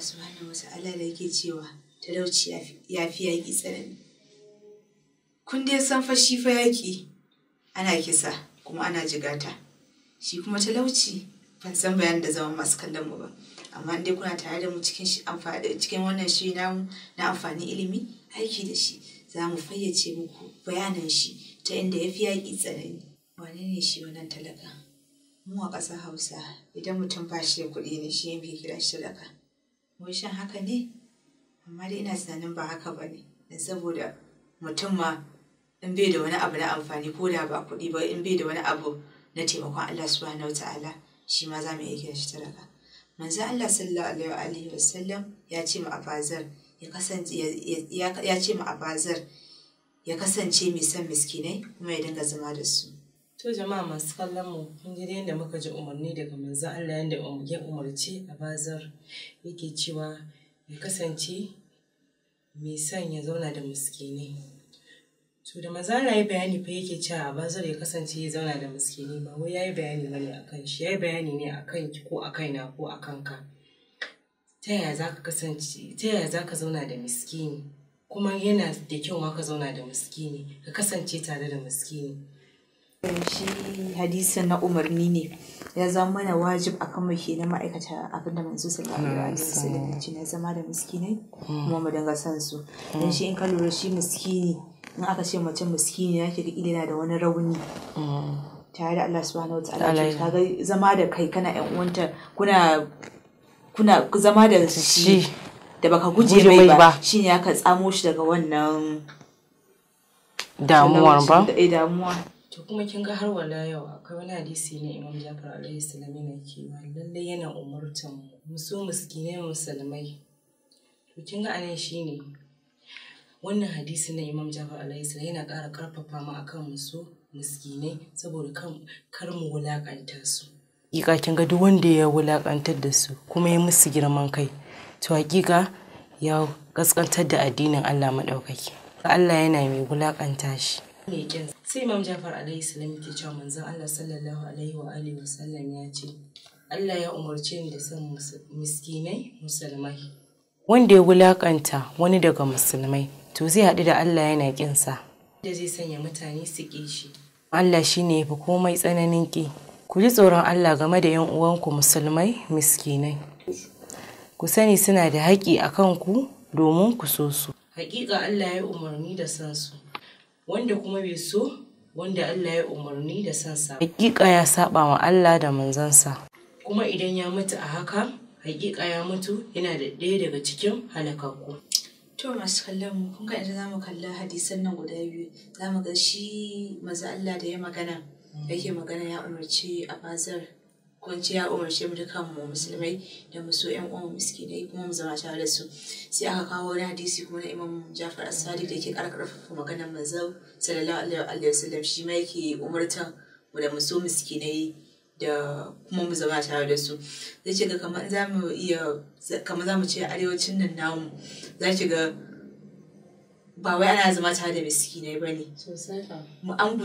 subhanahu wa ta'ala da yake cewa talauci ya fi yaƙi tsanani kun dai san fa shi fa yaƙi ana kisa kuma ana jigata shi kuma talauci ban san bayan da zaman masu kallon mu ba amma dai kuna tare da mu cikin cikin wannan shi namu na amfanin ilimi aiki da shi za mu fayyace muku bayanan shi ta inda ya fi yaƙi tsanani wane ne shi wannan talaka mu a ƙasar hausa idan mutum ba shi da kuɗi ne shi ya fi kira shi talaka wai shan haka ne amma dai ina tunanin ba haka ba ne don saboda mutum ma in bai da wani abu na amfani ko da ba kuɗi ba in bai da wani abu na taimakon Allah subhanahu wata'ala shi ma za mu iya kiran shi talaka manzo Allah sallallahu alaihi wa sallam ya ce mu abazar ya kasance ya ce mu abazar ya kasance mai san miskinai kuma ya dinga zama da su To jama'a masu kallon mu kun ji yadda muka ji umarni daga manzon Allah yadda um, ya umarci a bazar yake cewa ya kasance mai son ya zauna da miskini. To da maza ya yi bayani fa yake cewa a bazar ya kasance ya zauna da miskini ba wai ya yi bayani bane akan shi ya yi bayani ne akan ki ko a kaina ko a kanka. Ta yaya za ka kasance ta yaya za ka zauna da miskini kuma yana da kyau ma ka zauna da miskini ka kasance tare da miskini. shi hadisi na umarni ne ya zama mana wajib a kan muke na ma'aikata abinda manzo sallallahu alaihi wasallam ya ci na zama da miskini mm. kuma mu dinga san su dan shi in ka lura shi miskini in aka ce mace miskini yake da ilina da wani rauni mm. tare da Allah subhanahu wataala ta ga zama da kai kana yan uwanta kuna kuna zama da shi da baka guje mai ba shine aka tsamo shi daga wannan damuwar ba eh, damuwa to kuma kin ga har wala yau akwai wani hadisi ne imam jafar alaihi salam yana cewa lallai yana umurtan mu so miskinai musulmai to kin ga anan shine wannan hadisi na imam jafar alaihi salam yana ƙara ƙarfafa mu akan mu so miskinai saboda kan kar mu wulakanta su hakika kin ga duk wanda ya wulakantar da su kuma ya musu girman kai to hakika ya gaskantar da addinin Allah madaukaki Allah yana mai wulakanta shi leƙin sai imam jafar alaihi salam ke cewa manzon allah sallallahu alaihi wa alihi wa sallam ya ce allah ya umarce ni da son miskinai musulmai wanda ya wulakanta wani daga musulmai to zai haɗu da allah yana ƙinsa da zai sanya mutane su ƙi shi allah shine ya fi komai tsananin ƙi ku ji tsoron allah game da yan uwanku musulmai miskinai ku sani suna da haƙƙi a kanku domin ku so su allah ya umarni da san su wanda kuma bai so wanda Allah ya umarni da sansa. sa hakika ya saba wa Allah da manzansa kuma idan ya mutu a haka hakika ya mutu yana da ɗaya daga cikin halakakku to masu kallon mu kun ga idan zamu kalla hadisan nan guda biyu zamu ga shi maza Allah da ya magana yake magana ya umarci a bazar? kwanciya ce ya umarce mu dukan mu musulmai da mu so ƴan uwan miskinai kuma mu zama tare da su sai aka kawo wani hadisi kuma na Imam Ja'far As-Sadiq da ke karkarfa maganar manzo sallallahu alaihi wasallam shi ma yake umartan mu da mu so miskinai da kuma mu zama tare da su zai ce ga kamar za mu iya kamar za mu ce arewacin nan namu za ki ga ba wai ana zama tare da miski miskinai ba ne an